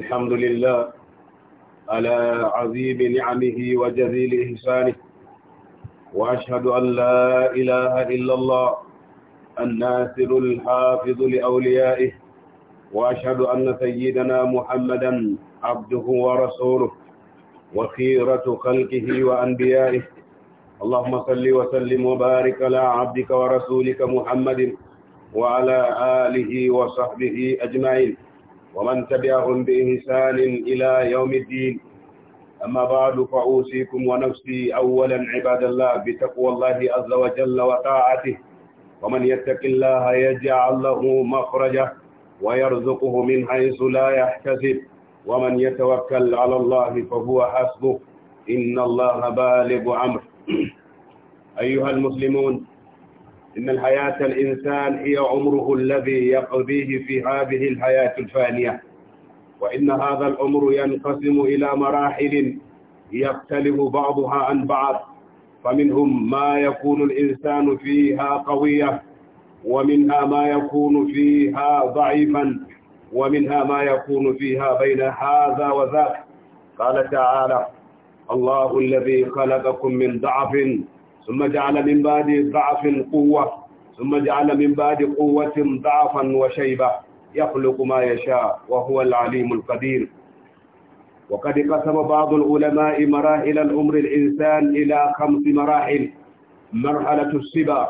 الحمد لله على عظيم نعمه وجزيل إحسانه وأشهد أن لا إله إلا الله الناصر الحافظ لأوليائه وأشهد أن سيدنا محمدا عبده ورسوله وخيرة خلقه وأنبيائه اللهم صل وسلم وبارك على عبدك ورسولك محمد وعلى آله وصحبه أجمعين ومن تبعهم بإحسان إلى يوم الدين أما بعد فأوصيكم ونفسي أولا عباد الله بتقوى الله عز وجل وطاعته ومن يتق الله يجعل له مخرجه ويرزقه من حيث لا يحتسب ومن يتوكل على الله فهو حسبه إن الله بالغ أمر أيها المسلمون إن الحياة الإنسان هي عمره الذي يقضيه في هذه الحياة الفانية وإن هذا العمر ينقسم إلى مراحل يختلف بعضها عن بعض فمنهم ما يكون الإنسان فيها قوية ومنها ما يكون فيها ضعيفا ومنها ما يكون فيها بين هذا وذاك قال تعالى الله الذي خلقكم من ضعف ثم جعل من بعد ضعف قوة ثم جعل من بعد قوة ضعفا وشيبة يخلق ما يشاء وهو العليم القدير وقد قسم بعض العلماء مراحل العمر الإنسان إلى خمس مراحل مرحلة السبا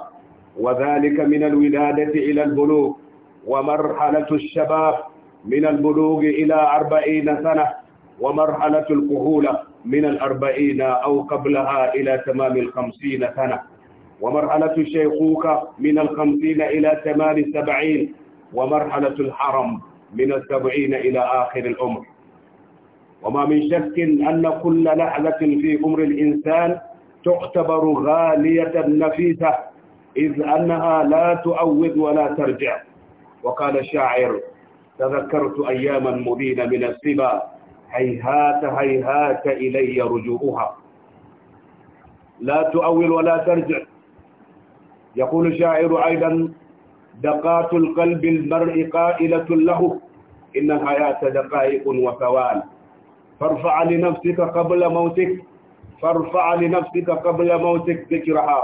وذلك من الولادة إلى البلوغ ومرحلة الشباب من البلوغ إلى أربعين سنة ومرحلة الكهولة من الأربعين أو قبلها إلى تمام الخمسين سنة ومرحلة الشيخوخة من الخمسين إلى تمام السبعين ومرحلة الحرم من السبعين إلى آخر العمر وما من شك أن كل لحظة في عمر الإنسان تعتبر غالية نفيسة إذ أنها لا تعوض ولا ترجع وقال الشاعر تذكرت أياما مبينة من السبا هيهات هيهات إلي رجوعها لا تؤول ولا ترجع يقول الشاعر أيضا دقات القلب المرء قائلة له إن الحياة دقائق وثوال فارفع لنفسك قبل موتك فارفع لنفسك قبل موتك ذكرها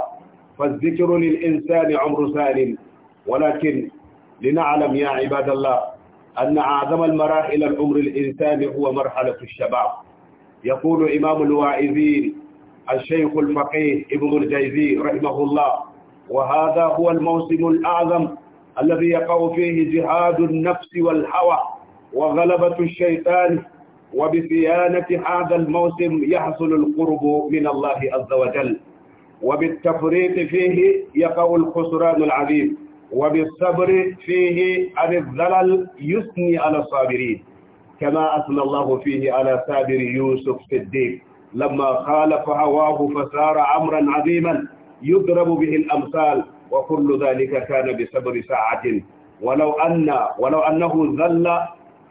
فالذكر للإنسان عمر سالم ولكن لنعلم يا عباد الله أن أعظم المراحل العمر الإنسان هو مرحلة الشباب يقول إمام الواعظين الشيخ الفقيه ابن الجيزي رحمه الله وهذا هو الموسم الأعظم الذي يقع فيه جهاد النفس والهوى وغلبة الشيطان وبصيانة هذا الموسم يحصل القرب من الله عز وجل وبالتفريط فيه يقع الخسران العظيم وبالصبر فيه عن الزلل يثني على الصابرين كما أثنى الله فيه على صابر يوسف في الدين لما خالف هواه فسار أمرا عظيما يضرب به الأمثال وكل ذلك كان بصبر ساعة ولو أن ولو أنه ذل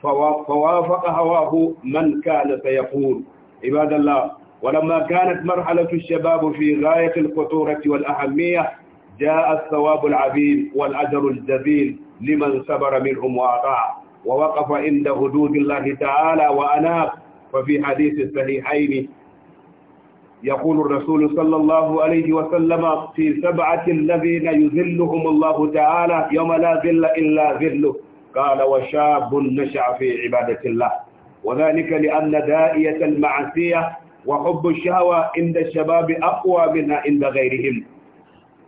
فوافق هواه من كان سيقول عباد الله ولما كانت مرحلة الشباب في غاية الخطورة والأهمية جاء الثواب العظيم والأجر الجزيل لمن صبر منهم وأطاع ووقف عند حدود الله تعالى وأناب ففي حديث الصحيحين يقول الرسول صلى الله عليه وسلم في سبعة الذين يذلهم الله تعالى يوم لا ذل إلا ذله قال وشاب نشع في عبادة الله وذلك لأن دائية المعصية وحب الشهوة عند الشباب أقوى منها عند غيرهم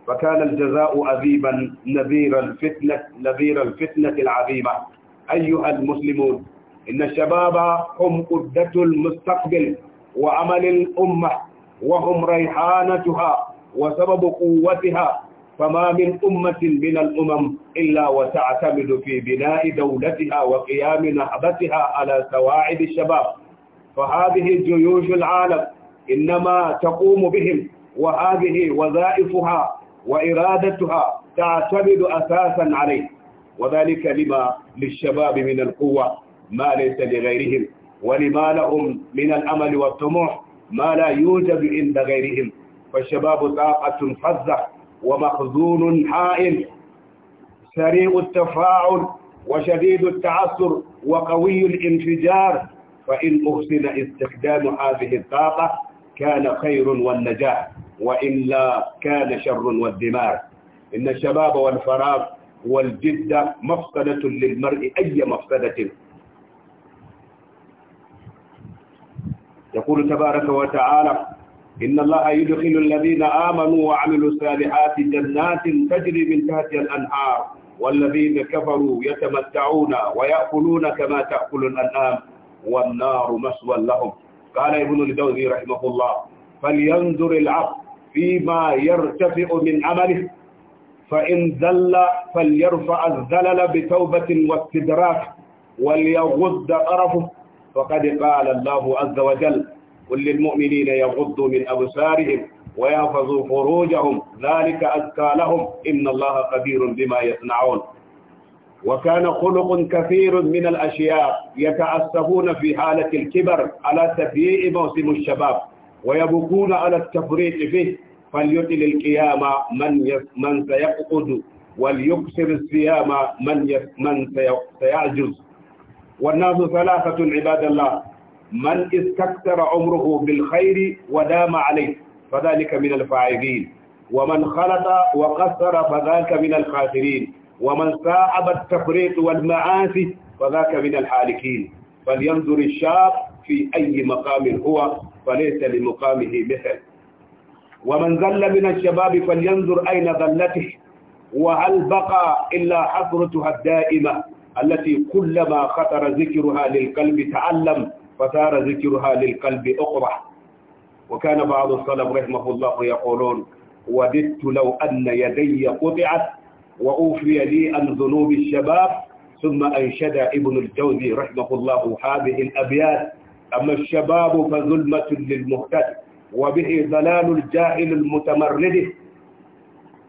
فكان الجزاء عظيما نذير الفتنة, نذير الفتنة العظيمة أيها المسلمون إن الشباب هم قدة المستقبل وعمل الأمة وهم ريحانتها وسبب قوتها فما من أمة من الأمم إلا وتعتمد في بناء دولتها وقيام نهضتها على سواعد الشباب فهذه جيوش العالم إنما تقوم بهم وهذه وظائفها وإرادتها تعتمد أساسا عليه وذلك لما للشباب من القوة ما ليس لغيرهم ولما لهم من الأمل والطموح ما لا يوجد عند غيرهم فالشباب طاقة فزة ومخزون حائل سريع التفاعل وشديد التعثر وقوي الانفجار فإن أحسن استخدام هذه الطاقة كان خير والنجاح وإلا كان شر والدمار إن الشباب والفراغ والجدة مفسدة للمرء أي مفسدة يقول تبارك وتعالى إن الله يدخل الذين آمنوا وعملوا الصالحات جنات تجري من تحتها الأنهار والذين كفروا يتمتعون ويأكلون كما تأكل الأنعام والنار مسوى لهم قال ابن الجوزي رحمه الله فلينظر العبد فيما يرتفع من عمله فإن ذل فليرفع الزلل بتوبة واستدراك وليغض طرفه فقد قال الله عز وجل قل للمؤمنين يغضوا من أبصارهم ويحفظوا فروجهم ذلك أزكى لهم إن الله قدير بما يصنعون وكان خلق كثير من الأشياء يتأسفون في حالة الكبر على تفييء موسم الشباب ويبكون على التفريط فيه فليطل القيام من من سيقعد وليكسر الصيام من من سيعجز والناس ثلاثة عباد الله من استكثر عمره بالخير ودام عليه فذلك من الفاعلين ومن خلط وقصر فذاك من الخاسرين ومن صعب التفريط والمعاصي فذاك من الحالكين فلينظر الشاب في أي مقام هو فليس لمقامه مثل ومن ذل من الشباب فلينظر أين ذلته وهل بقى إلا حفرتها الدائمة التي كلما خطر ذكرها للقلب تعلم فثار ذكرها للقلب أقرح وكان بعض الصلب رحمه الله يقولون وددت لو أن يدي قطعت وأوفي لي عن ذنوب الشباب ثم أنشد ابن الجوزي رحمه الله هذه الأبيات أما الشباب فظلمة للمهتد وبه ضلال الجاهل المتمرد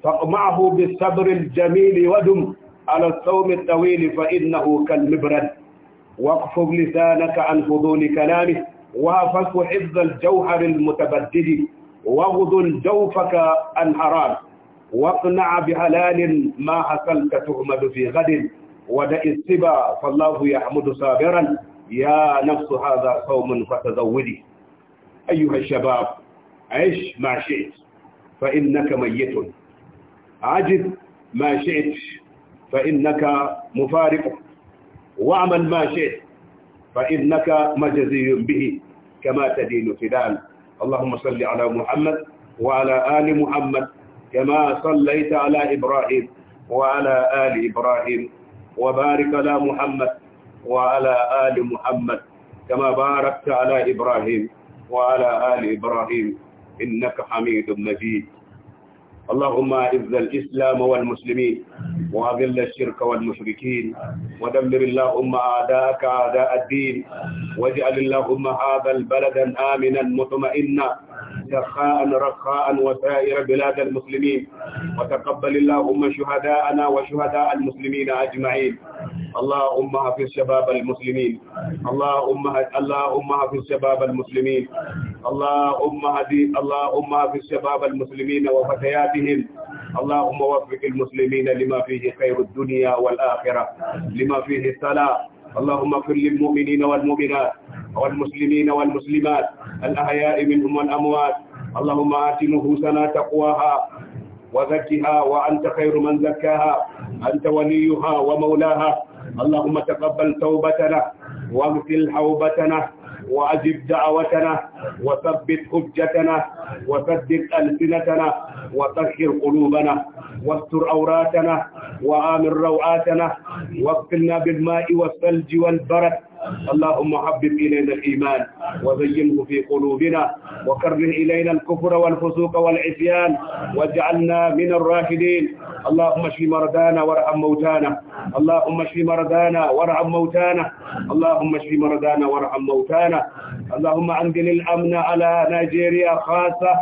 فاقمعه بالصبر الجميل ودم على الصوم الطويل فإنه كالمبرد واقفض لسانك عن فضول كلامه وهفظه حفظ الجوهر المتبدد واغض جوفك عن حرام واقنع بحلال ما حصلت تهمد في غد ودع السبا فالله يحمد صابرا يا نفس هذا صوم فتزودي أيها الشباب عش ما شئت فإنك ميت عجب ما شئت فإنك مفارق واعمل ما شئت فإنك مجزي به كما تدين فدان اللهم صل على محمد وعلى آل محمد كما صليت على إبراهيم وعلى آل إبراهيم وبارك على محمد وعلى آل محمد كما باركت على إبراهيم وعلى آل إبراهيم إنك حميد مجيد اللهم اعز الإسلام والمسلمين وأذل الشرك والمشركين ودمر اللهم أعداءك أعداء الدين واجعل اللهم هذا البلد آمنا مطمئنا سخاء رخاء وسائر بلاد المسلمين وتقبل اللهم شهداءنا وشهداء المسلمين أجمعين اللهم في شباب المسلمين اللهم اللهم في شباب المسلمين اللهم هدي اللهم في شباب المسلمين وفتياتهم اللهم وفق المسلمين لما فيه خير الدنيا والآخرة لما فيه الصلاة اللهم اغفر للمؤمنين والمؤمنات والمسلمين والمسلمات الأحياء منهم والأموات اللهم آت نفوسنا تقواها وزكها وأنت خير من زكاها أنت وليها ومولاها اللهم تقبل توبتنا واغفر حوبتنا وأجب دعوتنا وثبت حجتنا وسدد ألسنتنا وطهر قلوبنا واستر عوراتنا وآمن روعاتنا واغسلنا بالماء والثلج والبرد اللهم حبب إلينا الإيمان وزينه في قلوبنا وكره إلينا الكفر والفسوق والعصيان واجعلنا من الراشدين اللهم اشف مرضانا وارحم موتانا اللهم اشف مرضانا وارحم موتانا اللهم اشف مرضانا وارحم موتانا اللهم انزل الامن على نيجيريا خاصه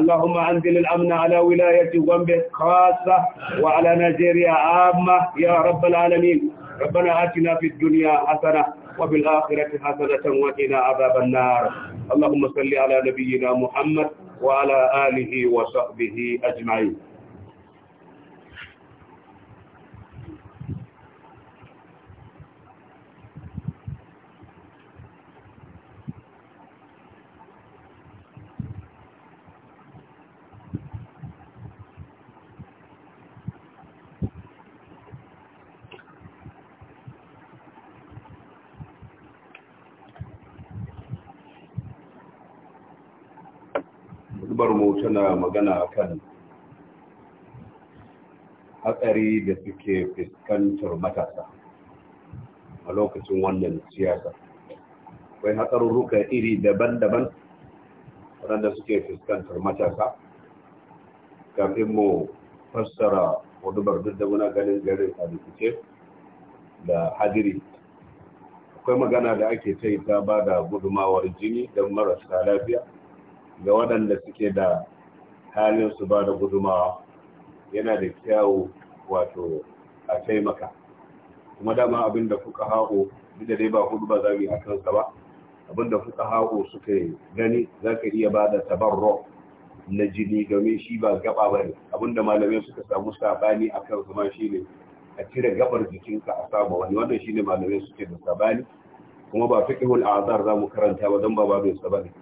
اللهم انزل الامن على ولايه غومبي خاصه وعلى نيجيريا عامه يا رب العالمين ربنا آتنا في الدنيا حسنة وفي الآخرة حسنة وقنا عذاب النار اللهم صل على نبينا محمد وعلى آله وصحبه أجمعين hudubar mu tana magana akan hatsari da suke fuskantar matasa a lokacin wannan siyasa akwai hatsarurruka iri daban-daban waɗanda suke fuskantar matasa kafin mu fassara hudubar duk da muna ganin garin a da hadiri akwai magana da ake ta yi ta ba da gudumawar jini don marasa lafiya ga waɗanda suke da halin su ba da gudumawa yana da kyawu wato a taimaka kuma dama abinda kuka haƙo duk da dai ba hudu ba za mu yi a kansa ba abinda kuka haƙo suka gani za ka iya ba da tabarro na jini domin shi ba gaba ba ne abinda malamai suka samu sabani a kan zama shi ne a cire gabar jikinka a samu wani wannan shi ne malamai suke da sabani kuma ba fiƙihul azar za mu karanta ba don ba ba sabani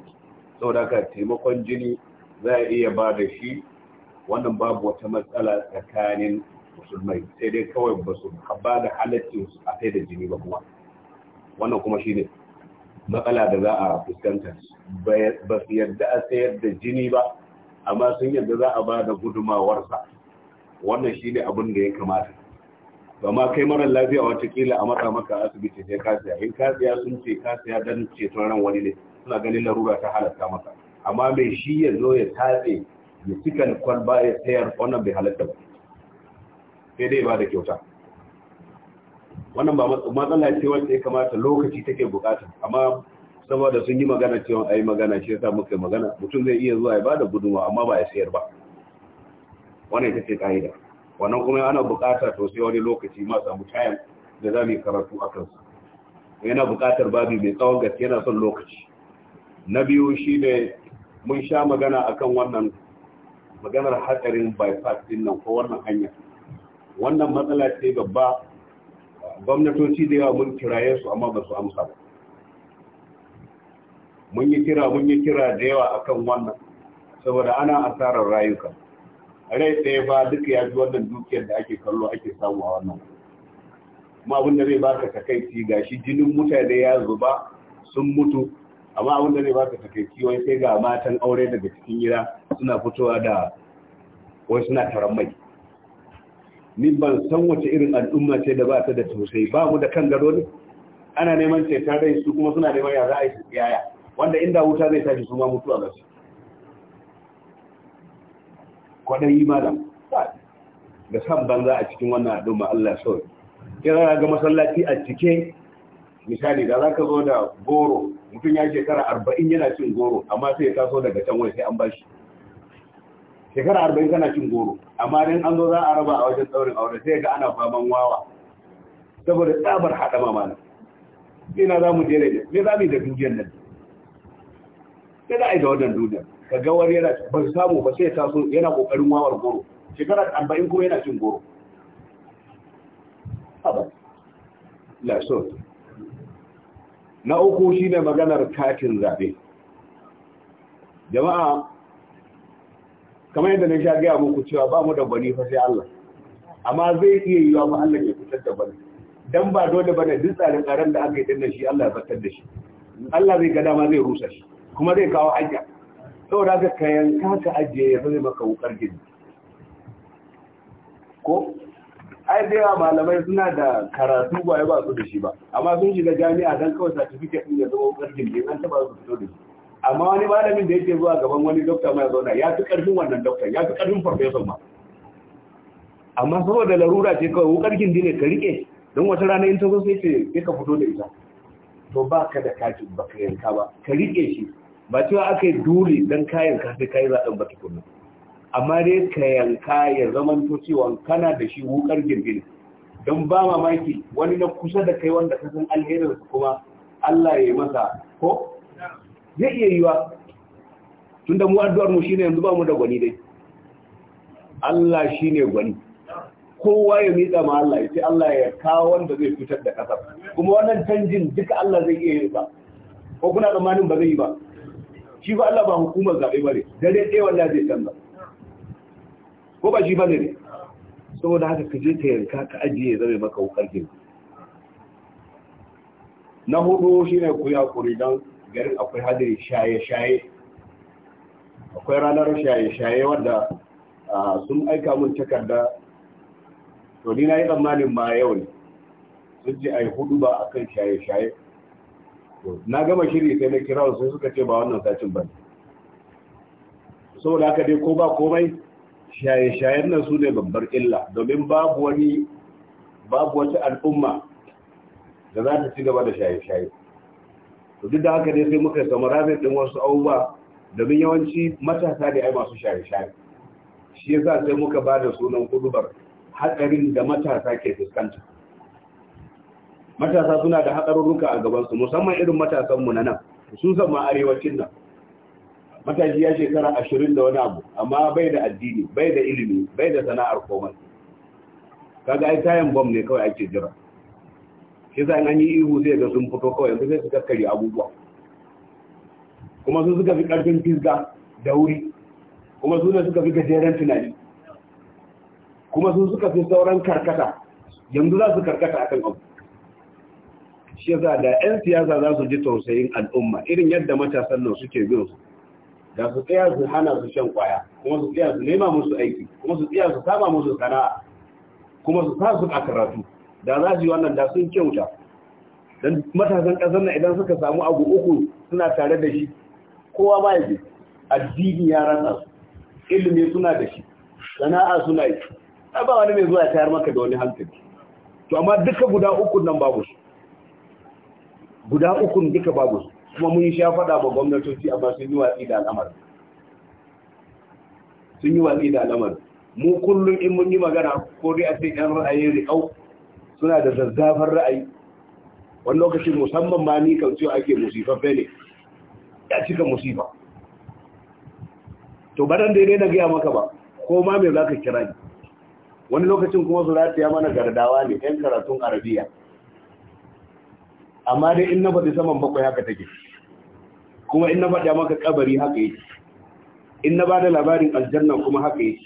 saboda ka taimakon jini za a iya ba da shi wannan babu wata matsala tsakanin musulmai sai dai kawai ba su ba da halittu a sai da jini ba kuma wannan kuma shi ne matsala da za a fuskanta ba su yadda a sayar da jini ba amma sun yadda za a ba da gudumawarsa wannan shi ne abin da ya kamata amma kai marar lafiya watakila a matsa maka asibiti sai kasiya. in kasiya sun ce kasiya dan don ceton ran wani ne suna ganin larura ta halatta masa amma mai shi ya zo ya tatse ya cika kwalba ya sayar wannan bai halatta ba sai dai ba da kyauta wannan ba matsala ce wacce ya kamata lokaci take bukata amma saboda sun yi magana cewa a yi magana shi yasa muka yi magana mutum zai iya zuwa ya ba da gudunwa amma ba ya sayar ba wannan ita ce ka'ida wannan kuma ana bukata to sai wani lokaci ma samu tayan da za mu yi karatu a kansu yana bukatar babi mai tsawon gaske yana son lokaci na biyu shi ne mun sha magana akan wannan maganar hatsarin bypass din nan ko wannan hanya wannan matsala ce babba gwamnatoci da yawa mun kiraye su amma ba su amsa ba mun yi kira mun yi kira da yawa akan wannan saboda ana asarar rayuka rai tsaye ba duka ya ji wannan dukiyar da ake kallo ake samu a wannan kuma abin da zai baka takaici shi jinin mutane ya zuba sun mutu amma abin da zai baka takaici wai sai ga matan aure daga cikin gida suna fitowa da wai suna taron mai ni ban san wace irin al'umma ce da ba ta da tausayi ba mu da kan gado ne ana neman ceton rai su kuma suna neman ya za a yi su tsiyaya wanda inda wuta zai tashi su ma mutuwa gasu su yi ma da san banza a cikin wannan al'umma Allah sauri kira ga masallaci a cike misali da za ka zo da goro mutum ya shekara arba'in yana cin goro amma sai ya taso daga can wai sai an bashi shekara arba'in kana cin goro amma dan an zo za a raba a wajen tsaurin aure sai ga ana faman wawa saboda tsabar haɗa mamana ina za mu je ne me za mu yi da dukiyar nan sai za a yi da wannan duniyar ka ga wani yana ba su samu ba sai ya taso yana kokarin wawar goro shekara arba'in kuma yana cin goro Haba, la so. na uku shine maganar katin zabe jama'a kamar yadda na sha gaya muku cewa ba mu da bani fa sai Allah amma zai iya yiwa mu Allah ya fitar da bani dan ba dole bane duk tsarin tsaron da aka yi dinnan shi Allah ya fitar da shi Allah zai ga dama zai rusa shi kuma zai kawo hanya saboda haka kayan ka ajiye ya zama maka wukar gidi ko ai da yawa malamai suna da karatu ba ya ba su da shi ba amma sun shiga jami'a don kawai certificate din ya zama karfin jirgin an taba su fito da shi amma wani malamin da yake zuwa gaban wani dokta mai zauna ya fi karfin wannan dokta ya fi karfin farfesa ma amma saboda larura ce kawai wukar jirgin ne ka rike don wata rana in ta zo sai ce ka fito da ita to ba ka da katin ba ka yanka ba ka rike shi ba cewa aka yi dole don kayan ka kayan zaɓen ba tukunan. amma dai ka yanka ya zaman to cewa kana da shi wukar girgin don ba mamaki wani na kusa da kai wanda ka san alherin kuma Allah ya yi masa ko zai iya yiwa tunda mu addu'ar mu shine yanzu ba mu da gwani dai Allah shine gwani kowa ya miƙa ma Allah ya ce Allah ya kawo wanda zai fitar da ƙasar kuma wannan canjin duka Allah zai iya yi ba ko kuna tsammanin ba zai yi ba shi ba Allah ba hukumar zaɓe ba ne dare ɗaya wallahi zai canza ko ba shi ba ne saboda haka ka je yanka ka ajiye zame maka wukar jini na hudu shi ne ku yakuri don garin akwai hadari shaye-shaye akwai ranar shaye-shaye wadda sun aika mun takarda to ni na yi tsammanin ma yau ne sun a ai hudu ba a kan shaye-shaye na gama shiri sai na kira sai suka ce ba wannan sacin ba saboda haka dai ko ba komai shaye-shayen nan su ne babbar illa domin babu wani babu wata al'umma da za ta ci gaba da shaye-shaye to duk da haka ne sai muka samarazin din wasu abubuwa domin yawanci matasa ne ai masu shaye-shaye shi yasa sai muka ba da sunan kudubar hatsarin da matasa ke fuskanta matasa suna da hatsarurruka a gabansu musamman irin matasanmu na nan sun ma arewacin nan matashi ya shekara ashirin da wani abu amma bai da addini bai da ilimi bai da sana'ar komai kaga ai tayan bom ne kawai ake jira shi sa an yi ihu zai ga sun fito kawai yanzu sai su kakkari abubuwa kuma su suka fi karfin fisga da wuri kuma su ne suka fi gajeren tunani kuma su suka fi sauran karkata yanzu za su karkata akan abu shi yasa da 'yan siyasa za su ji tausayin al'umma irin yadda matasan nan suke bin su da su tsaya su hana su shan kwaya kuma su tsaya su nema musu aiki kuma su tsaya su saba musu sana'a kuma su sa su a karatu da za su yi wannan da sun kyauta Dan matasan ƙasar na idan suka samu abu uku suna tare da shi kowa ba yake addini ya rasa su ilimi suna da shi sana'a suna yi ba wani mai zuwa ya tayar maka da wani hankali to amma duka guda uku nan babu su guda ukun duka babu su kuma mun sha faɗa ba gwamnatoci amma sun yi watsi da al'amar sun yi watsi da al'amar mu kullum in mun yi magana ko dai a ce ɗan ra'ayin riƙau suna da zazzafar ra'ayi wani lokacin musamman ma ni kan cewa ake musifaffe ne ya cika musifa to ba dan daidai na gaya maka ba ko ma me za ka kira ni wani lokacin kuma su ya mana gardawa ne 'yan karatun arabiya amma dai in na faɗi saman bakwai haka take kuma in na faɗa maka kabari haka yake in na bada labarin aljanna kuma haka yake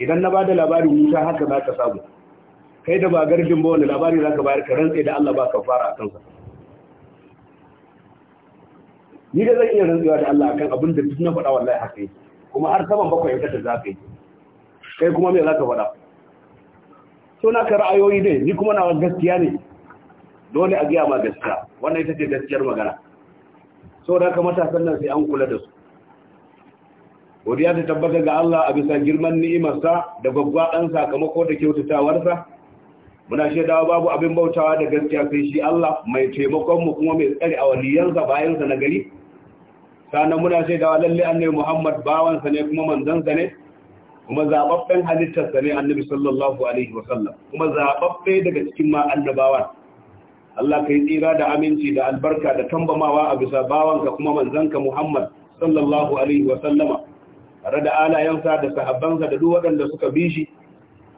idan na bada labarin wuta haka za ka samu kai da ba garjin ba wani labari za ka bayar ka rantse da Allah ba ka fara a kansa ni da zan iya rantsuwa da Allah akan abin da duk na faɗa wallahi haka yake kuma har saman bakwai kata za ka yi kai kuma me za ka faɗa so na ka ra'ayoyi ne ni kuma na gaskiya ne dole a gaya ma gaskiya wannan ita ce gaskiyar magana saboda haka matasan nan sai an kula da su godiya ta tabbata ga Allah a bisa girman ni'imarsa da gwaggwaɗan sakamako da kyautatawarsa muna shaidawa babu abin bautawa da gaskiya sai shi Allah mai taimakon mu kuma mai tsare a waliyansa bayansa na gari sannan muna shaidawa lalle annabi Muhammad bawansa ne kuma manzansa ne kuma zababben halittarsa ne annabi sallallahu alaihi wasallam kuma zababbe daga cikin ma annabawan Allah ka yi tsira da aminci da albarka da tambamawa a bisa bawanka kuma manzanka Muhammad sallallahu alaihi wa sallama tare da alayensa da sahabbansa da duk waɗanda suka bi shi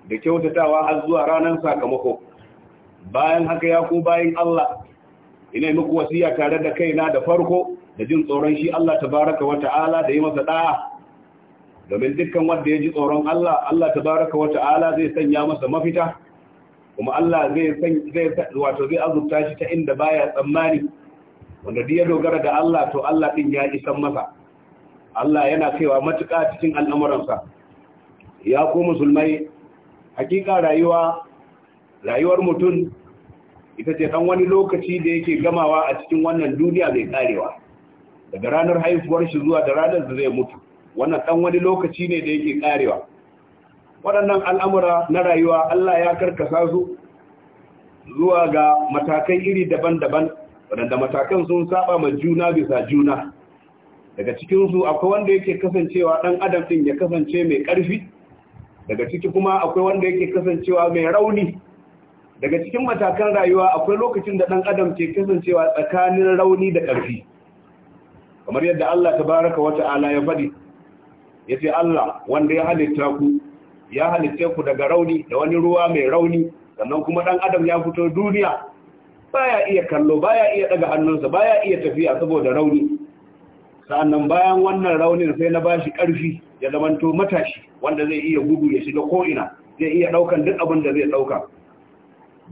da kyautatawa har zuwa ranar sakamako bayan haka ya ku bayan Allah ina muku wasiya tare da kaina da farko da jin tsoron shi Allah ta baraka wa ta'ala da yi masa ɗaya. domin dukkan wanda ya ji tsoron Allah Allah ta baraka wa ta'ala zai sanya masa mafita kuma Allah zai san zai wato zai azurta shi ta inda baya tsammani wanda duk dogara da Allah to Allah din ya isan masa Allah yana cewa matuƙa cikin al'amuransa ya ko musulmai hakika rayuwa rayuwar mutum ita ce dan wani lokaci da yake gamawa a cikin wannan duniya zai karewa daga ranar haifuwar shi zuwa da ranar da zai mutu wannan dan wani lokaci ne da yake karewa waɗannan al'amura na rayuwa Allah ya karkasa su zuwa ga matakai iri daban-daban waɗanda matakan sun saba ma juna bisa juna daga cikinsu akwai wanda yake kasancewa ɗan adam ɗin ya kasance mai ƙarfi daga ciki kuma akwai wanda yake kasancewa mai rauni daga cikin matakan rayuwa akwai lokacin da ɗan adam ke kasancewa tsakanin rauni da ƙarfi kamar yadda Allah ta baraka wata ala ya faɗi ya ce Allah wanda ya halitta ku ya halitta ku daga rauni da wani ruwa mai rauni sannan kuma dan adam ya fito duniya baya iya kallo baya iya daga hannunsa baya iya tafiya saboda rauni sannan bayan wannan raunin sai na bashi karfi ya zamanto matashi wanda zai iya gudu ya shiga ko ina zai iya daukan duk abin da zai dauka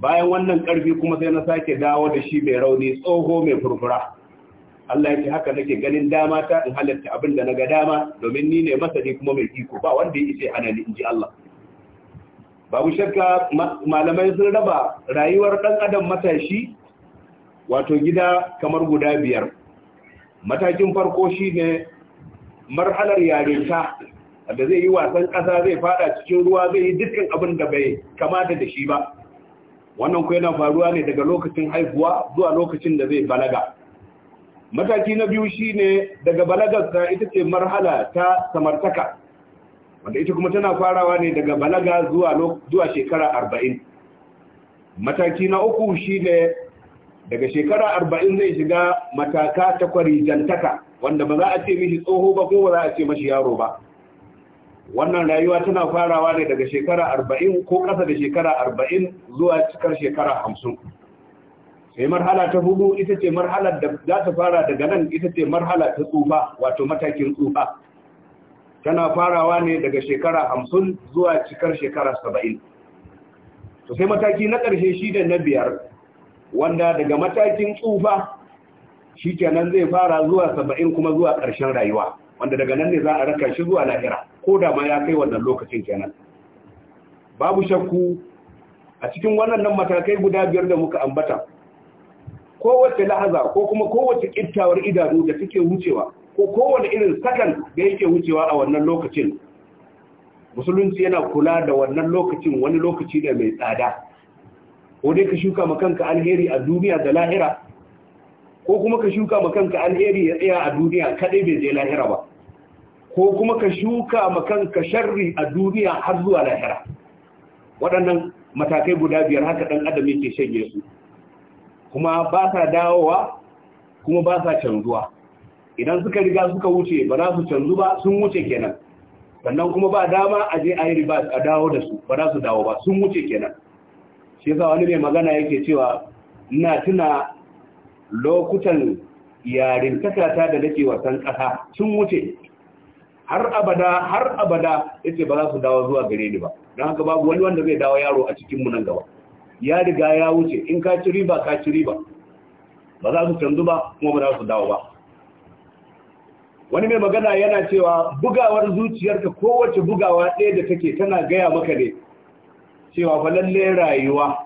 bayan wannan karfi kuma sai na sake dawo da shi mai rauni tsoho mai furfura Allah yake haka nake ganin dama ta in halatta abin da naga dama domin ni ne masani kuma mai iko ba wanda ya ce ana ni inji Allah babu shakka malamai sun raba rayuwar dan adam matashi wato gida kamar guda biyar matakin farko shine marhalar yarinta da zai yi wasan ƙasa zai fada cikin ruwa zai yi dukkan abin da bai kamata da shi ba wannan ku yana faruwa ne daga lokacin haihuwa zuwa lokacin da zai balaga mataki na biyu shine daga balagarsa ita ce marhala ta samartaka wanda ita kuma tana farawa ne daga balaga zuwa shekara arba'in. mataki na uku shine daga shekara arba'in zai shiga mataka ta kwarijantaka wanda ba za a ce mishi tsoho ba ko ba za a ce mashi yaro ba wannan rayuwa tana farawa ne daga shekara arba'in ko ƙasa da shekara arba'in zuwa cikar shekara hamsin. sai eh, marhala ta hudu ita ce marhalar da za ta fara daga nan ita ce marhala ta tsufa wato matakin tsufa tana farawa ne daga shekara hamsin zuwa cikar shekara saba'in to sai mataki na ƙarshe shi da na biyar wanda daga matakin tsufa shi kenan zai fara zuwa saba'in kuma zuwa ƙarshen rayuwa wanda daga nan ne za a raka shi zuwa lahira ko da ma ya kai wannan lokacin kenan babu shakku a cikin wannan matakai guda biyar da muka ambata kowace lahaza ko kuma kowace ƙittawar idanu da suke wucewa ko kowane irin sakan da yake wucewa a wannan lokacin musulunci yana kula da wannan lokacin wani lokaci da mai tsada ko dai ka shuka ma kanka alheri a duniya da lahira ko kuma ka shuka ma kanka alheri ya tsaya a duniya kadai bai je lahira ba ko kuma ka shuka ma kanka sharri a duniya har zuwa lahira waɗannan matakai guda biyar haka ɗan adam yake shanye su kuma ba sa dawowa kuma ba sa canzuwa idan suka riga suka wuce ba za su canzu ba sun wuce kenan sannan kuma ba dama a je a yi riba a dawo da su ba za su dawo ba sun wuce kenan shi yasa wani mai magana yake cewa ina tuna lokutan yarin takata da nake wasan kasa sun wuce har abada har abada yace ba za su dawo zuwa gare ni ba don haka babu wani wanda zai dawo yaro a cikin mu nan gaba ya riga ya wuce in ka ci riba ka ci riba ba za su canzu ba kuma ba za su dawo ba wani mai magana yana cewa bugawar zuciyarka kowace bugawa ɗaya da take tana gaya maka ne cewa fa rayuwa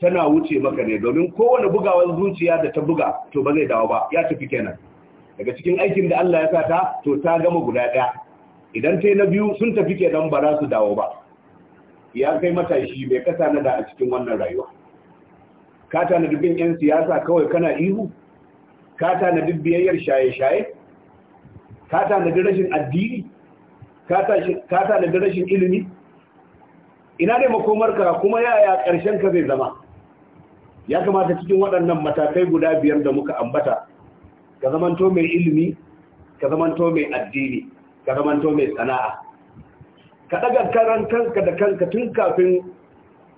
tana wuce maka ne domin kowane bugawar zuciya da ta buga to ba zai dawo ba ya tafi kenan daga cikin aikin da Allah ya sa ta to ta gama guda ɗaya idan ta na biyu sun tafi kenan ba za su dawo ba ya kai matashi bai na da a cikin wannan rayuwa ka na dubin 'yan siyasa kawai kana ihu ka ta na biyayyar shaye-shaye ka ta na rashin addini ka ta na rashin ilimi ina ne makomarka kuma yaya ƙarshen ka zai zama ya kamata cikin waɗannan matakai guda biyar da muka ambata ka zamanto mai ilimi ka zamanto mai addini ka zamanto mai sana'a ka daga karan kanka da kanka tun kafin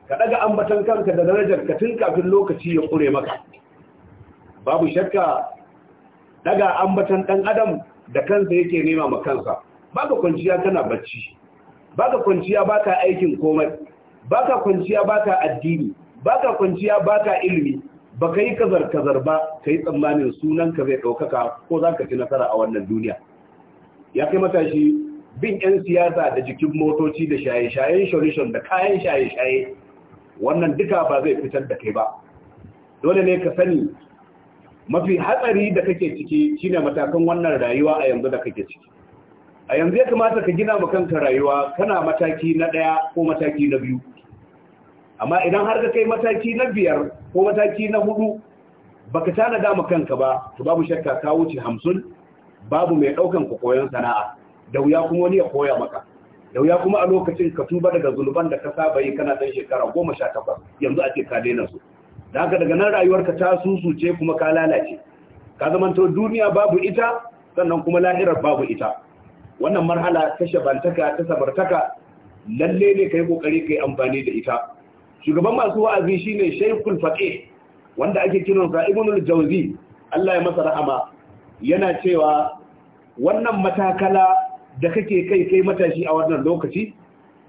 ka daga ambatan kanka da darajar ka tun kafin lokaci ya kure maka babu shakka daga ambatan dan adam da kansa yake nema ma kansa baka kwanciya kana bacci baka kwanciya baka aikin komai baka kwanciya baka addini baka kwanciya baka ilimi ba ka yi kazar-kazar ba ka yi tsammanin sunanka zai ɗaukaka ko za ka ci nasara a wannan duniya ya kai matashi bin 'yan siyasa da jikin motoci da shaye-shayen solution da kayan shaye-shaye wannan duka ba zai fitar da kai ba dole ne ka sani mafi hatsari da kake ciki shine matakan wannan rayuwa a yanzu da kake ciki a yanzu ya kamata ka gina ma kanka rayuwa kana mataki na ɗaya ko mataki na biyu amma idan har ka kai mataki na biyar ko mataki na hudu baka tana dama kanka ba to babu shakka ka wuce hamsin babu mai ɗaukan koyon sana'a da wuya kuma wani ya koya maka da wuya kuma a lokacin ka tuba daga zunuban da ka saba yi kana san shekara goma sha takwas yanzu a ce ka daina su da haka daga nan rayuwarka ta susuce kuma ka lalace ka zamanto duniya babu ita sannan kuma lahirar babu ita wannan marhala ta shabantaka ta sabartaka lalle ne kai kokari kai amfani da ita shugaban masu wa'azi shine shaykhul faqih wanda ake kiran sa ibnul jawzi Allah ya masa rahama yana cewa wannan matakala da kake kai kai matashi a wannan lokaci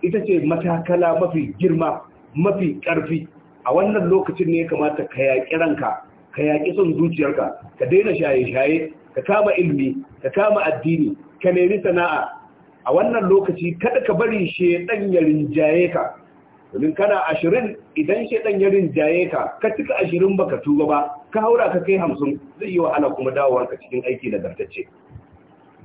ita ce matakala mafi girma mafi karfi a wannan lokacin ne ya kamata ka yaƙi ranka ka yaƙi son zuciyarka ka daina shaye-shaye ka kama ilmi ka kama addini ka nemi sana'a a wannan lokaci kada ka bari shedan ya rinjaye ka domin kana ashirin idan shedan ya rinjaye ka ka cika ashirin baka tuba ba ka haura ka kai hamsin zai yi wahala kuma dawowar ka cikin aiki nagartacce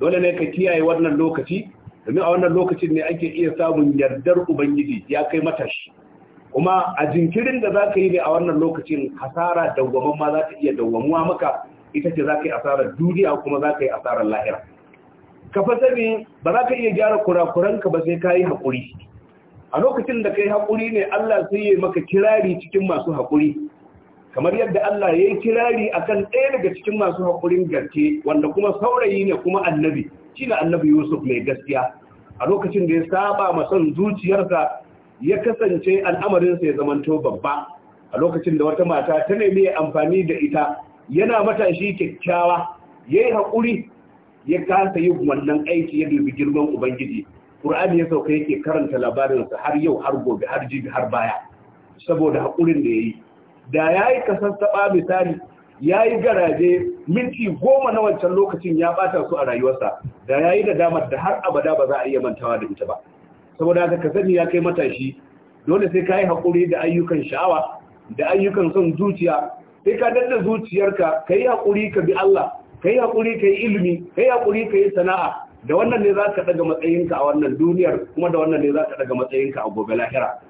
dole ne ka kiyaye wannan lokaci domin a wannan lokacin ne ake iya samun yardar ubangiji ya kai matashi kuma a jinkirin da za ka yi ne a wannan lokacin hasara dawwaman ma za ta iya dawwamuwa maka ita ce za ka yi asarar duniya kuma za ka yi asarar lahira ka fa sani ba za ka iya gyara kurakuranka ba sai ka yi haƙuri a lokacin da ka yi haƙuri ne allah sai ya maka kirari cikin masu haƙuri kamar yadda Allah ya yi kirari a kan ɗaya daga cikin masu haƙurin garke, wanda kuma saurayi ne kuma annabi shi na annabi Yusuf mai gaskiya a lokacin da ya saba son zuciyarsa ya kasance al'amarinsa ya zamanto babba a lokacin da wata mata ta nemi ya amfani da ita yana matashi kyakkyawa ya yi haƙuri ya kasa yi wannan aiki ya dubi girman ubangiji ƙur'ani ya sauka yake karanta labarinsa har yau har gobe har jibi har baya saboda haƙurin da ya yi da ya yi kasar taɓa misali ya yi garaje minti goma na wancan lokacin ya ɓata su a rayuwarsa da ya yi da damar da har abada ba za a iya mantawa da ita ba saboda haka ka sani ya kai matashi dole sai ka yi haƙuri da ayyukan sha'awa da ayyukan son zuciya sai ka danna zuciyarka ka yi haƙuri ka bi Allah ka yi haƙuri ka yi ilimi ka yi haƙuri ka yi sana'a da wannan ne za ka daga matsayinka a wannan duniyar kuma da wannan ne za ka daga matsayinka a gobe lahira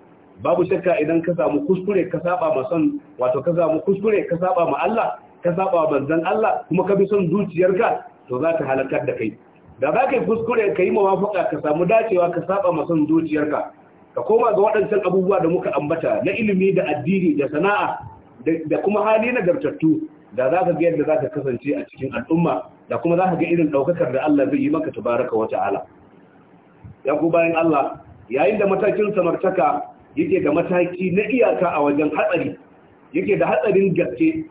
babu shakka idan ka samu kuskure ka saba ma son wato ka samu kuskure ka saba ma Allah ka saba manzon Allah kuma ka bi son zuciyarka to za ka halakar da kai da za ka yi kuskure ka yi mawafaka ka samu dacewa ka saba ma son zuciyarka ka koma ga waɗancan abubuwa da muka ambata na ilimi da addini da sana'a da kuma hali na gartattu da za ka ga yadda za ka kasance a cikin al'umma da kuma za ka ga irin ɗaukakar da Allah zai yi maka tabaraka wata ala. ya ku bayan Allah yayin da matakin samartaka yake da mataki na iyaka a wajen hatsari yake da hatsarin gaske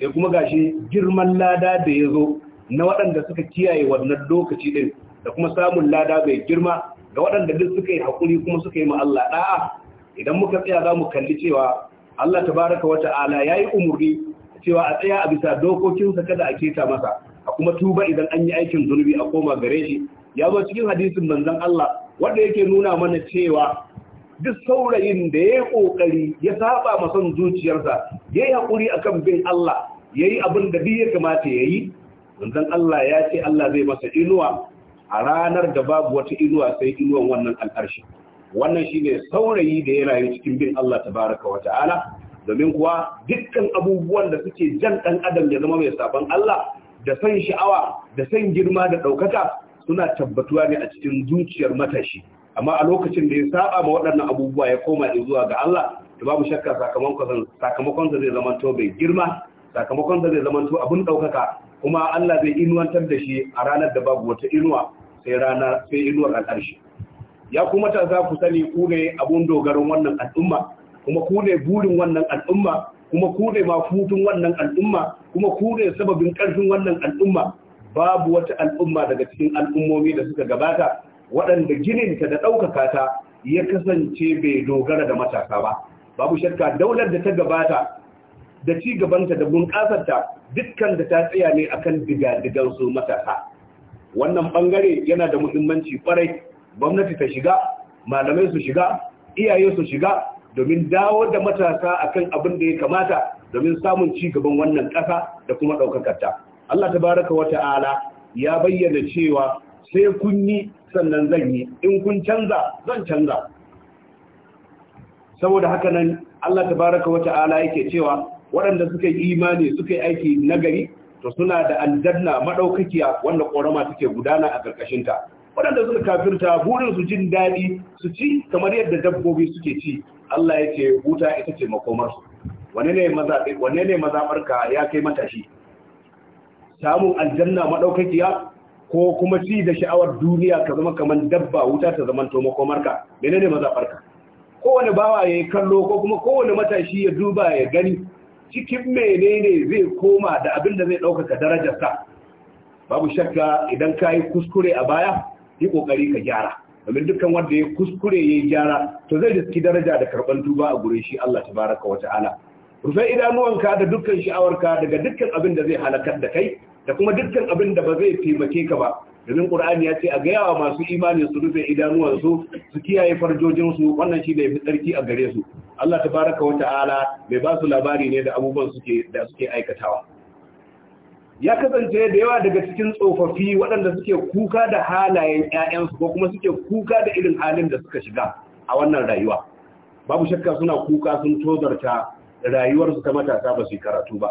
sai kuma gashi girman lada da ya zo na waɗanda suka kiyaye wannan lokaci ɗin da kuma samun lada mai girma ga waɗanda duk suka yi haƙuri kuma suka yi Allah ɗa'a idan muka tsaya za mu kalli cewa Allah ta baraka wata ala ya yi umarni cewa a tsaya a bisa dokokinsa kada a keta masa a kuma tuba idan an yi aikin zunubi a koma gare shi ya zo cikin hadisin manzon Allah wanda yake nuna mana cewa duk saurayin da ya yi ƙoƙari ya saba son zuciyarsa ya yi haƙuri a kan bin Allah ya yi abin da ya kamata ya yi wanzan Allah ya ce Allah zai masa inuwa a ranar da babu wata inuwa sai inuwan wannan al'arshi wannan shi ne saurayi da yana rayu cikin bin Allah baraka wa ta'ala domin kuwa dukkan abubuwan da suke jan ɗan adam ya zama mai sabon Allah da san sha'awa da san girma da ɗaukaka suna tabbatuwa ne a cikin zuciyar matashi amma a lokacin da ya saba ma waɗannan abubuwa ya koma zuwa ga Allah to babu shakka sakamakon sakamakon zai zama to bai girma sakamakon zai zama to abun daukaka kuma Allah zai inuwantar da shi a ranar da babu wata inuwa sai rana sai inuwar al'arshi ya kuma ta za ku sani ku ne abun dogaron wannan al'umma kuma ku ne burin wannan al'umma kuma ku ne mafutun wannan al'umma kuma ku ne sababin karfin wannan al'umma babu wata al'umma daga cikin al'ummomi da suka gabata waɗanda gininta da ɗaukaka ta ya kasance bai dogara da matasa ba babu shakka daular da ta gabata da ci gabanta da bunƙasarta dukkan da ta tsaya ne akan digadigan su matasa wannan ɓangare yana da muhimmanci kwarai gwamnati ta shiga malamai su shiga iyaye su shiga domin dawo da matasa akan abin da ya kamata domin samun ci gaban wannan ƙasa da kuma ɗaukakarta Allah ta baraka wa ta'ala ya bayyana cewa sai kun yi sannan zan yi in kun canza zan canza saboda haka nan Allah tabaraka wa ta'ala yake cewa waɗanda suka yi imani suka yi aiki nagari to suna da aljanna madaukakiya wanda korama take gudana a karkashin ta waɗanda suka kafirta burin su jin daɗi su ci kamar yadda dabbobi suke ci Allah ya ce huta ita ce su wane ne maza wane ne mazabarka ya kai matashi samun aljanna madaukakiya ko kuma ci da sha'awar duniya ka zama kamar dabba wuta ta zaman to makomarka menene mazafarka kowane bawa ya kallo ko kuma kowane matashi ya duba ya gani cikin menene zai koma da abin da zai ɗaukaka darajarsa babu shakka idan ka kuskure a baya yi ƙoƙari ka gyara domin dukkan wanda ya kuskure ya gyara to zai riski daraja da karɓar duba a gure shi Allah tabaraka wa ta'ala rufe idanuwanka da dukkan sha'awarka daga dukkan abin da zai halakar da kai da kuma dukkan abin da ba zai taimake ka ba domin ƙur'ani ya ce a gaya wa masu imani su rufe idanuwansu su kiyaye farjojinsu wannan shi da ya fi tsarki a gare su Allah Ta baraka wata ala bai ba su labari ne da abubuwan suke da suke aikatawa ya kasance da yawa daga cikin tsofaffi waɗanda suke kuka da halayen 'ya'yansu ko kuma suke kuka da irin halin da suka shiga a wannan rayuwa babu shakka suna kuka sun tozarta rayuwarsu ta matasa ba su karatu ba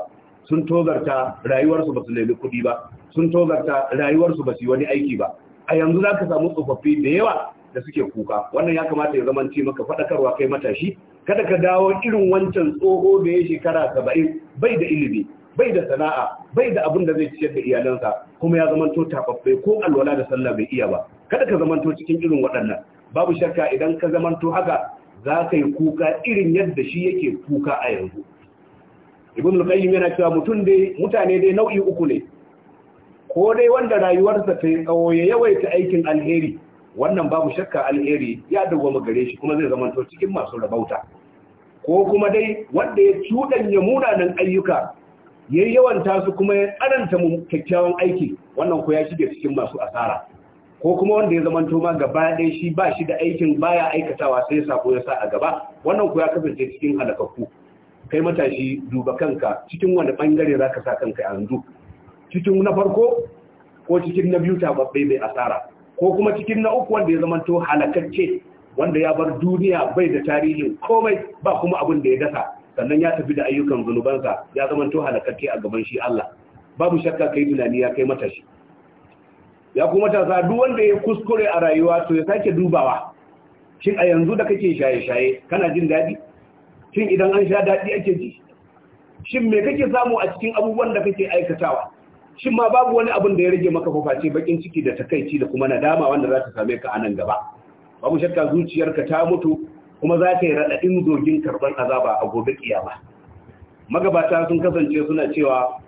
sun togarta rayuwarsu ba su nemi kuɗi ba sun togarta rayuwarsu ba su yi wani aiki ba a yanzu za ka samu tsofaffi da yawa da suke kuka wannan ya kamata ya zamanci maka faɗakarwa kai matashi kada ka dawo irin wancan tsoho da ya shekara saba'in bai da ilimi bai da sana'a bai da abin da zai ciyar da iyalansa kuma ya zamanto tafaffe ko alwala da sallah bai iya ba kada ka zamanto cikin irin waɗannan babu shakka idan ka zamanto haka za ka yi kuka irin yadda shi yake kuka a yanzu ibn al-qayyim yana cewa mutum dai mutane dai nau'i uku ne ko dai wanda rayuwarsa ta tsawoye ya yawaita aikin alheri wannan babu shakka alheri ya dawwama gare shi kuma zai to cikin masu rabauta ko kuma dai wanda ya cuɗanya munanan ayyuka ya yawan tasu kuma ya mu kyakkyawan aiki wannan ko ya shige cikin masu asara ko kuma wanda ya zamanto ma gaba ɗaya shi ba shi da aikin baya aikatawa sai sako ya sa a gaba wannan ko ya kasance cikin halakakku kai matashi duba kanka cikin wani bangare za ka sa kanka yanzu cikin na farko ko cikin na biyu tababbe mai asara ko kuma cikin na uku wanda ya zamanto halakacce wanda ya bar duniya bai da tarihin komai ba kuma abin da ya dasa sannan ya tafi da ayyukan zunubansa ya zamanto halakacce a gaban shi Allah babu shakka kai tunani ya kai matashi ya kuma tasa duk wanda ya kuskure a rayuwa to ya sake dubawa shin a yanzu da kake shaye-shaye kana jin daɗi shin idan an sha daɗi ake ji shin me kake samu a cikin abubuwan da kake aikatawa shin ma babu wani abin da ya rage maka faface bakin ciki da takaici da kuma nadama wanda za ta same ka a nan gaba babu shakka zuciyarka ta mutu kuma za ta yi raɗaɗin zogin karɓar azaba a gobe kiyama magabata sun kasance suna cewa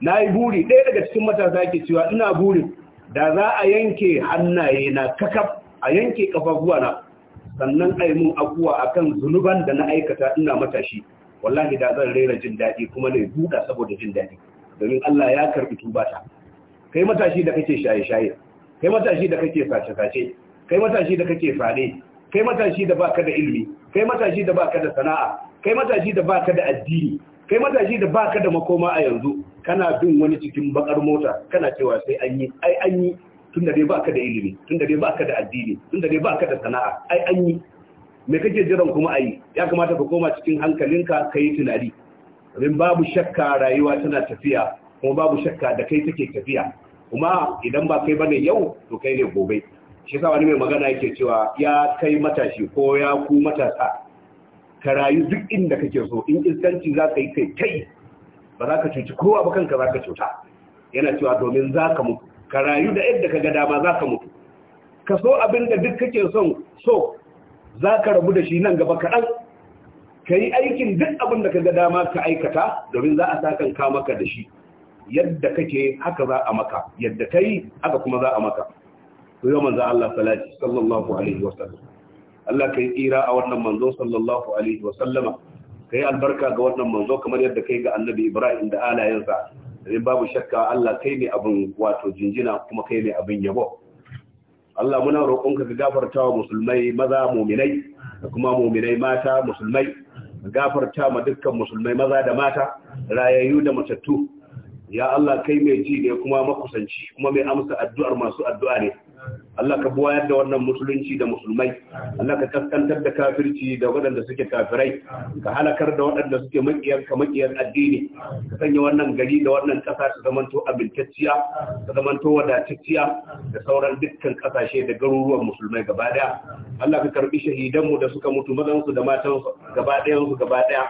na yi buri ɗaya daga cikin matasa ke cewa ina burin da za a yanke hannaye na kakaf a yanke kafafuwa na sannan aimun mun a akan zunuban da na aikata ina matashi wallahi da zan rera jin daɗi kuma ne buɗa saboda jin daɗi domin Allah ya karɓi tubata kai matashi da kake shaye-shaye kai matashi da kake sace-sace kai matashi da kake fare kai matashi da baka da ilimi kai matashi da baka da sana'a kai matashi da baka da addini kai matashi da baka da makoma a yanzu kana bin wani cikin bakar mota kana cewa sai an yi ai an yi tunda dai baka da ilimi tunda dai baka da addini tunda dai baka da sana'a ai an yi me kake jiran kuma ayi ya kamata ka koma cikin hankalinka ka yi tunani domin babu shakka rayuwa tana tafiya kuma babu shakka da kai take tafiya kuma idan ba kai bane yau to kai ne gobe shi yasa wani mai magana yake cewa ya kai matashi ko ya ku matasa ka rayu duk inda kake so in iskanci za ka yi kai kai ba za ka cuci kowa ba kanka za ka cuta yana cewa domin za ka mutu ka rayu da yadda ka ga dama za ka mutu ka so abin da duk kake son so za ka rabu da shi nan gaba kaɗan ka yi aikin duk abin da ka ga dama ka aikata domin za a sakan ka maka da shi yadda kake haka za a maka yadda ka yi haka kuma za a maka ku yi manzo Allah salati sallallahu alaihi sallam Allah ka yi tsira a wannan manzo sallallahu alaihi wasallama ka yi albarka ga wannan manzo kamar yadda ka yi ga annabi Ibrahim da alayensa domin babu shakka Allah kai ne abin wato jinjina kuma kai ne abin yabo Allah muna roƙonka ka gafarta wa musulmai maza muminai da kuma muminai mata musulmai ka gafarta ma dukkan musulmai maza da mata rayayyu da matattu ya Allah kai mai ji ne kuma makusanci kuma mai amsa addu'ar masu addu'a ne Allah ka buwayar da wannan musulunci da musulmai Allah ka kaskantar da kafirci da waɗanda suke kafirai ka halakar da waɗanda suke makiyar ka makiyar addini ka sanya wannan gari da wannan ƙasa su zamanto abintacciya ka zamanto wadatacciya da sauran dukkan ƙasashe da garuruwan musulmai gaba ɗaya Allah ka karbi shahidanmu da suka mutu mazansu da matansu gaba su gaba ɗaya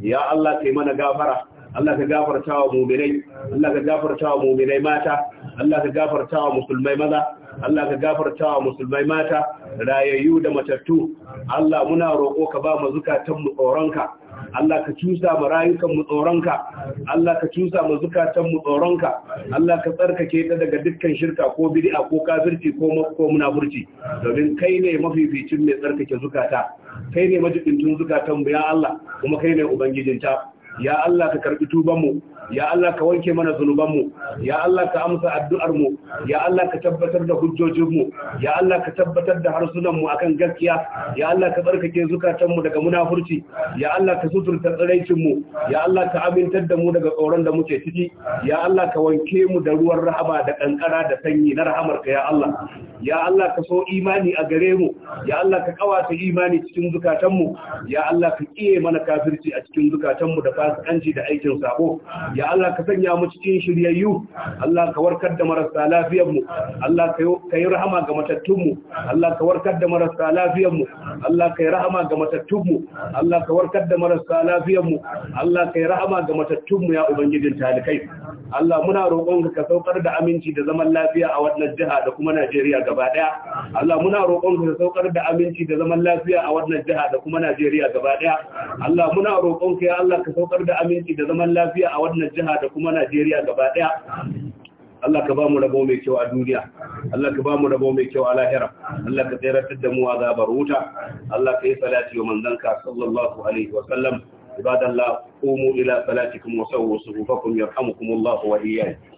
ya Allah kai mana gafara Allah ka gafarta wa mu'minai Allah ka gafarta wa mu'minai mata Allah ka gafarta wa musulmai maza Allah ka gafarta wa musulmai mata rayayyu da matattu Allah muna roƙo ka ba mu zukatan mu tsoronka Allah ka cusa mu rayukan mu tsoronka Allah ka cusa mu zukatan mu tsoronka Allah ka tsarkake ta daga dukkan shirka ko bid'a ko kafirci ko ko munafurci domin kai ne mafificin mai tsarkake zukata kai ne tun zukatan mu ya Allah kuma kai ne ubangijinta ya Allah ka karbi mu ya Allah ka wanke mana zunubanmu ya Allah ka amsa addu'armu ya Allah ka tabbatar da hujjojinmu ya Allah ka tabbatar da harsunan harsunanmu akan gaskiya ya Allah ka tsarkake zukatanmu daga munafurci ya Allah ka suturta mu ya Allah ka amintar da mu daga tsoron da muke ciki ya Allah ka wanke mu da ruwan rahama da kankara da sanyi na rahamarka ya Allah ya Allah ka so imani a gare mu ya Allah ka kawata imani cikin zukatanmu ya Allah ka kiye mana kafirci a cikin zukatanmu da fasikanci da aikin sabo ya Allah ka sanya mu cikin shiryayyu Allah ka warkar da marasa lafiyar mu Allah ka yi rahama ga matattun mu Allah ka warkar da marasa lafiyar mu Allah ka yi rahama ga matattun mu Allah ka warkar da marasa lafiyar mu Allah ka yi rahama ga matattun mu ya ubangijin talikai Allah muna roƙonka ka saukar da aminci da zaman lafiya a wannan jiha da kuma Najeriya gaba ɗaya. Allah muna roƙonka ka saukar da aminci da zaman lafiya a wannan jiha da kuma Najeriya gaba ɗaya. Allah muna roƙonka ya Allah ka saukar da aminci da zaman lafiya a wannan wannan jiha da kuma Najeriya gaba ɗaya. Allah ka ba mu rabo mai kyau a duniya, Allah ka ba mu rabo mai kyau a lahira, Allah ka tseratar da mu zabar wuta, Allah ka yi salati wa manzanka sallallahu alaihi wa sallam. عباد الله قوموا إلى صلاتكم وسووا صفوفكم يرحمكم الله وإياكم